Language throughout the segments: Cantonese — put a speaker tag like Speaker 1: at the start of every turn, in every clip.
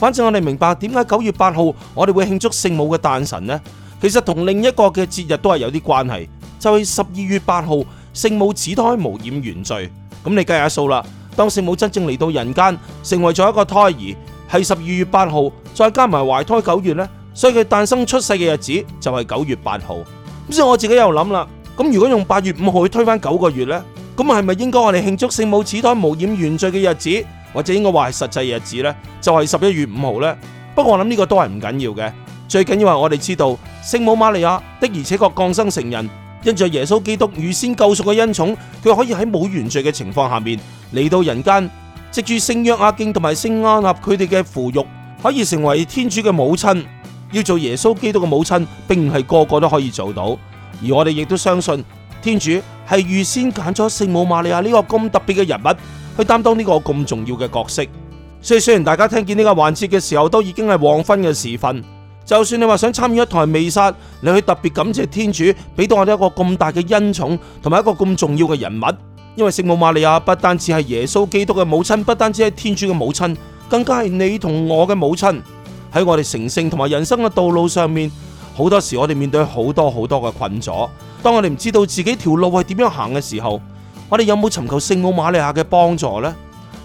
Speaker 1: 反正我哋明白點解九月八號我哋會慶祝聖母嘅誕辰呢？其實同另一個嘅節日都係有啲關係，就係十二月八號聖母始胎無染原罪。咁你計下數啦，當聖母真正嚟到人間，成為咗一個胎兒，係十二月八號，再加埋懷胎九月咧，所以佢誕生出世嘅日子就係九月八號。咁所以我自己又諗啦，咁如果用八月五號去推返九個月咧，咁係咪應該我哋慶祝聖母始胎無染原罪嘅日子？或者應該話係實際日子呢，就係十一月五號呢。不過我諗呢個都係唔緊要嘅，最緊要係我哋知道聖母瑪利亞的而且確降生成人，因着耶穌基督預先救贖嘅恩寵，佢可以喺冇原罪嘅情況下面嚟到人間，藉住聖約阿敬同埋聖安娜佢哋嘅扶育，可以成為天主嘅母親。要做耶穌基督嘅母親，並唔係個個都可以做到，而我哋亦都相信天主係預先揀咗聖母瑪利亞呢個咁特別嘅人物。去擔當呢個咁重要嘅角色，所以雖然大家聽見呢個環節嘅時候都已經係黃昏嘅時分，就算你話想參與一台彌撒，你去特別感謝天主俾到我哋一個咁大嘅恩寵，同埋一個咁重要嘅人物，因為聖母瑪利亞不單止係耶穌基督嘅母親，不單止係天主嘅母親，更加係你同我嘅母親。喺我哋成聖同埋人生嘅道路上面，好多時我哋面對好多好多嘅困阻，當我哋唔知道自己條路係點樣行嘅時候。我哋有冇尋求聖母瑪利亞嘅幫助呢？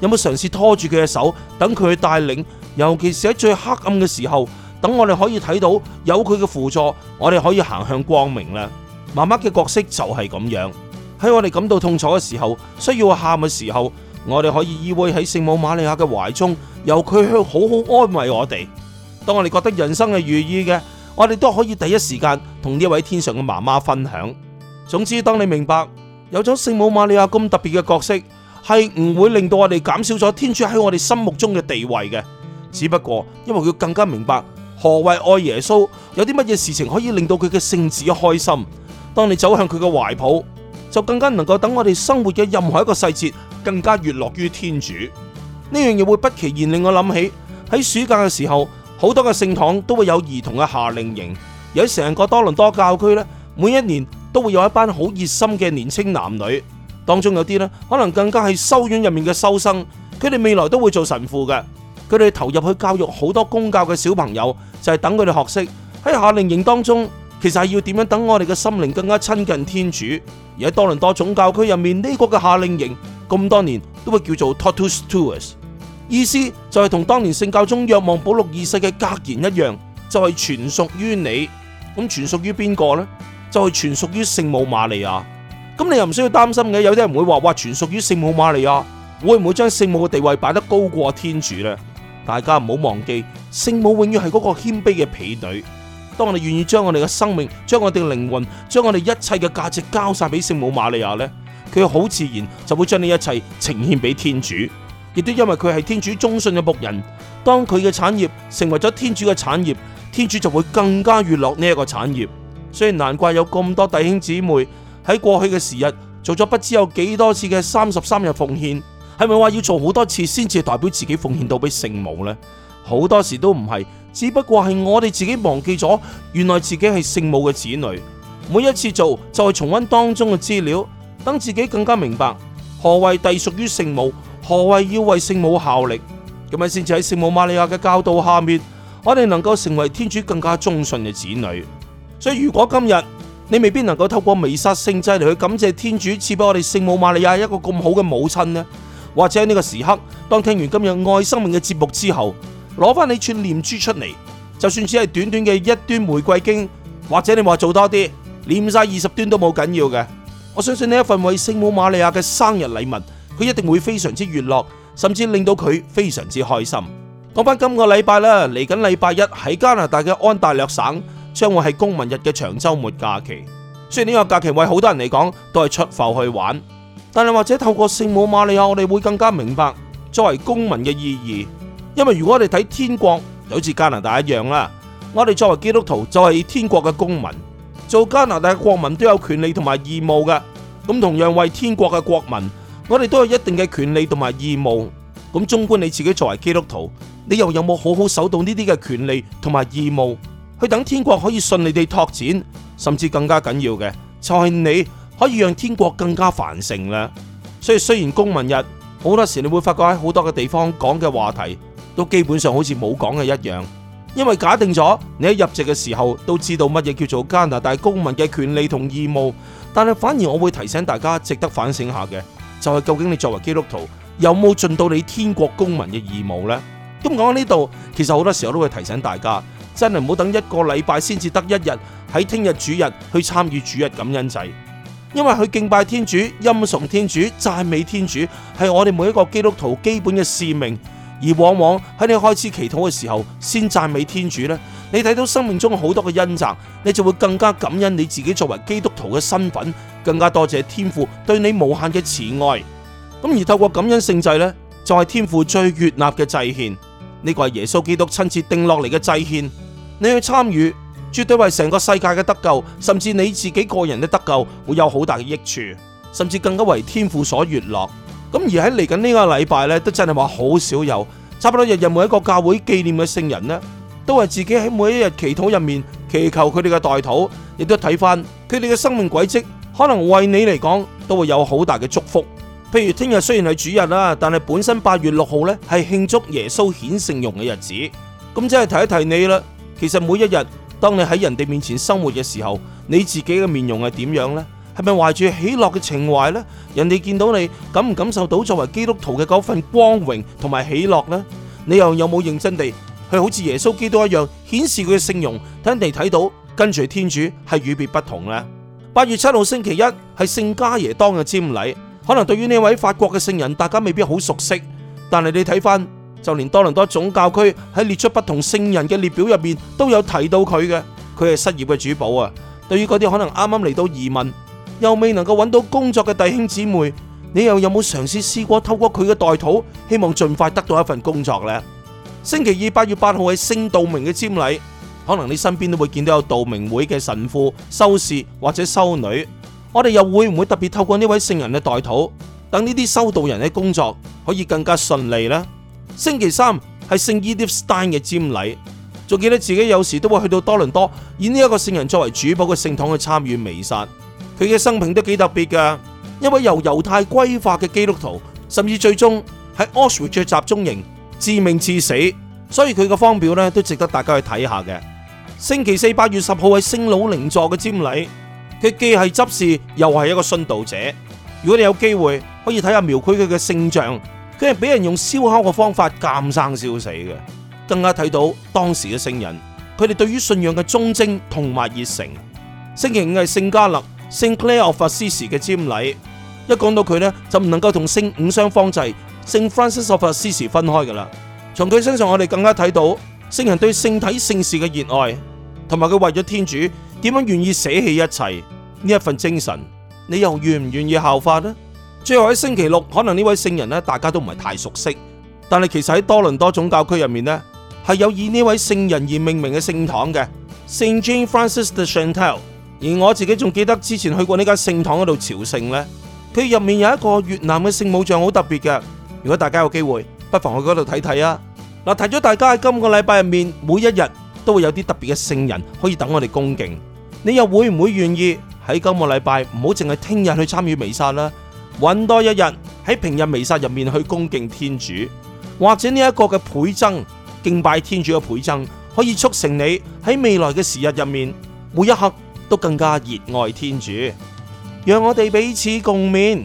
Speaker 1: 有冇嘗試拖住佢嘅手，等佢去帶領？尤其是喺最黑暗嘅時候，等我哋可以睇到有佢嘅輔助，我哋可以行向光明咧。媽媽嘅角色就係咁樣，喺我哋感到痛楚嘅時候，需要喊嘅時候，我哋可以依偎喺聖母瑪利亞嘅懷中，由佢去好好安慰我哋。當我哋覺得人生係如意嘅，我哋都可以第一時間同呢位天上嘅媽媽分享。總之，當你明白。有咗聖母瑪利亞咁特別嘅角色，係唔會令到我哋減少咗天主喺我哋心目中嘅地位嘅。只不過，因為佢更加明白何謂愛耶穌，有啲乜嘢事情可以令到佢嘅聖子開心。當你走向佢嘅懷抱，就更加能夠等我哋生活嘅任何一個細節更加悅樂於天主。呢樣嘢會不其然令我諗起喺暑假嘅時候，好多嘅聖堂都會有兒童嘅夏令營，有成個多倫多教區呢，每一年。都會有一班好熱心嘅年青男女，當中有啲呢，可能更加係修院入面嘅修生，佢哋未來都會做神父嘅。佢哋投入去教育好多公教嘅小朋友，就係、是、等佢哋學識喺夏令營當中，其實係要點樣等我哋嘅心靈更加親近天主。而喺多倫多總教區入面呢、這個嘅夏令營咁多年，都會叫做 Totus Tuus，意思就係同當年聖教宗若望保祿二世嘅格言一樣，就係、是、全屬於你。咁全屬於邊個呢？就係全屬於聖母瑪利亞，咁你又唔需要擔心嘅。有啲人會話，哇，全屬於聖母瑪利亞，會唔會將聖母嘅地位擺得高過天主呢？大家唔好忘記，聖母永遠係嗰個謙卑嘅婢女。當我哋願意將我哋嘅生命、將我哋嘅靈魂、將我哋一切嘅價值交晒俾聖母瑪利亞呢，佢好自然就會將呢一切呈獻俾天主。亦都因為佢係天主忠信嘅僕人，當佢嘅產業成為咗天主嘅產業，天主就會更加悅樂呢一個產業。雖然難怪有咁多弟兄姊妹喺過去嘅時日做咗不知有幾多次嘅三十三日奉獻，係咪話要做好多次先至代表自己奉獻到俾聖母呢？好多時都唔係，只不過係我哋自己忘記咗，原來自己係聖母嘅子女。每一次做就係重溫當中嘅資料，等自己更加明白何謂隸屬於聖母，何謂要為聖母效力。咁咪先至喺聖母瑪利亞嘅教導下面，我哋能夠成為天主更加忠信嘅子女。所以如果今日你未必能夠透過彌撒聖祭嚟去感謝天主賜俾我哋聖母瑪利亞一個咁好嘅母親呢，或者呢個時刻當聽完今日愛生命嘅節目之後，攞翻你串念珠出嚟，就算只係短短嘅一端玫瑰經，或者你話做多啲念晒二十端都冇緊要嘅。我相信呢一份為聖母瑪利亞嘅生日禮物，佢一定會非常之悅樂，甚至令到佢非常之開心。講翻今個禮拜啦，嚟緊禮拜一喺加拿大嘅安大略省。將會係公民日嘅長周末假期，雖然呢個假期為好多人嚟講都係出埠去玩，但係或者透過聖母瑪利亞，我哋會更加明白作為公民嘅意義。因為如果我哋睇天國就好似加拿大一樣啦，我哋作為基督徒就係天國嘅公民，做加拿大嘅國民都有權利同埋義務㗎。咁同樣為天國嘅國民，我哋都有一定嘅權利同埋義務。咁縱觀你自己作為基督徒，你又有冇好好守到呢啲嘅權利同埋義務？佢等天國可以順利地拓展，甚至更加緊要嘅就係你可以讓天國更加繁盛啦。所以雖然公民日好多時你會發覺喺好多嘅地方講嘅話題都基本上好似冇講嘅一樣，因為假定咗你喺入籍嘅時候都知道乜嘢叫做加拿大公民嘅權利同義務，但係反而我會提醒大家值得反省下嘅，就係究竟你作為基督徒有冇盡到你天國公民嘅義務咧？咁講到呢度，其實好多時候我都會提醒大家。真係唔好等一個禮拜先至得一日，喺聽日主日去參與主日感恩祭，因為佢敬拜天主、欽崇天主、讚美天主係我哋每一個基督徒基本嘅使命。而往往喺你開始祈禱嘅時候，先讚美天主呢，你睇到生命中好多嘅恩贈，你就會更加感恩你自己作為基督徒嘅身份，更加多謝天父對你無限嘅慈愛。咁而透過感恩聖祭呢就係、是、天父最悅納嘅祭獻。呢、這個係耶穌基督親自定落嚟嘅祭獻，你去參與絕對為成個世界嘅得救，甚至你自己個人嘅得救會有好大嘅益處，甚至更加為天父所悅樂。咁而喺嚟緊呢個禮拜咧，都真係話好少有，差唔多日日每一個教會紀念嘅聖人呢，都係自己喺每一日祈禱入面祈求佢哋嘅代禱，亦都睇翻佢哋嘅生命軌跡，可能為你嚟講都會有好大嘅祝福。譬如聽日雖然係主日啦，但係本身八月六號咧係慶祝耶穌顯聖容嘅日子，咁即係提一提你啦。其實每一日，當你喺人哋面前生活嘅時候，你自己嘅面容係點樣呢？係咪懷住喜樂嘅情懷呢？人哋見到你感唔感受到作為基督徒嘅嗰份光榮同埋喜樂呢？你又有冇認真地去好似耶穌基督一樣顯示佢嘅聖容，等人哋睇到跟住天主係與別不同呢？八月七號星期一係聖家爺當嘅瞻禮。可能對於呢位法國嘅聖人，大家未必好熟悉，但係你睇翻，就連多倫多總教區喺列出不同聖人嘅列表入面，都有提到佢嘅，佢係失業嘅主保啊！對於嗰啲可能啱啱嚟到移民又未能夠揾到工作嘅弟兄姊妹，你又有冇嘗試試過透過佢嘅代禱，希望盡快得到一份工作呢？星期二八月八號係聖道明嘅瞻禮，可能你身邊都會見到有道明會嘅神父、修士或者修女。我哋又會唔會特別透過呢位聖人嘅代禱，等呢啲修道人嘅工作可以更加順利呢？星期三係聖伊迪斯丹嘅瞻禮，仲記得自己有時都會去到多倫多，以呢一個聖人作為主保嘅聖堂去參與彌撒。佢嘅生平都幾特別嘅，一位由猶太歸化嘅基督徒，甚至最終喺奧斯威策集中營致命致死，所以佢嘅方表呢，都值得大家去睇下嘅。星期四八月十號係聖老楞佐嘅瞻禮。佢既係執事，又係一個殉道者。如果你有機會可以睇下描繪佢嘅聖像，佢係俾人用燒烤嘅方法鑑生燒死嘅。更加睇到當時嘅聖人，佢哋對於信仰嘅忠貞同埋熱誠。星期五係聖加勒、聖 Claire of Assisi 嘅瞻禮。一講到佢咧，就唔能夠同聖五傷方濟、聖 Francis of Assisi 分開嘅啦。從佢身上，我哋更加睇到聖人對聖體聖事嘅熱愛，同埋佢為咗天主，點樣願意捨棄一切呢一份精神？你又願唔願意效法呢？最後喺星期六，可能呢位聖人大家都唔係太熟悉，但係其實喺多倫多總教區入面呢，係有以呢位聖人而命名嘅聖堂嘅 Saint Jane Frances de Chantal。而我自己仲記得之前去過呢間聖堂嗰度朝聖呢，佢入面有一個越南嘅聖母像，好特別嘅。如果大家有機會，不妨去嗰度睇睇啊！嗱，提咗大家，喺今個禮拜入面，每一日都會有啲特別嘅聖人可以等我哋恭敬。你又會唔會願意喺今個禮拜唔好淨係聽日去參與彌撒啦？搵多一日喺平日彌撒入面去恭敬天主，或者呢一個嘅倍增，敬拜天主嘅倍增，可以促成你喺未來嘅時日入面每一刻都更加熱愛天主。讓我哋彼此共勉。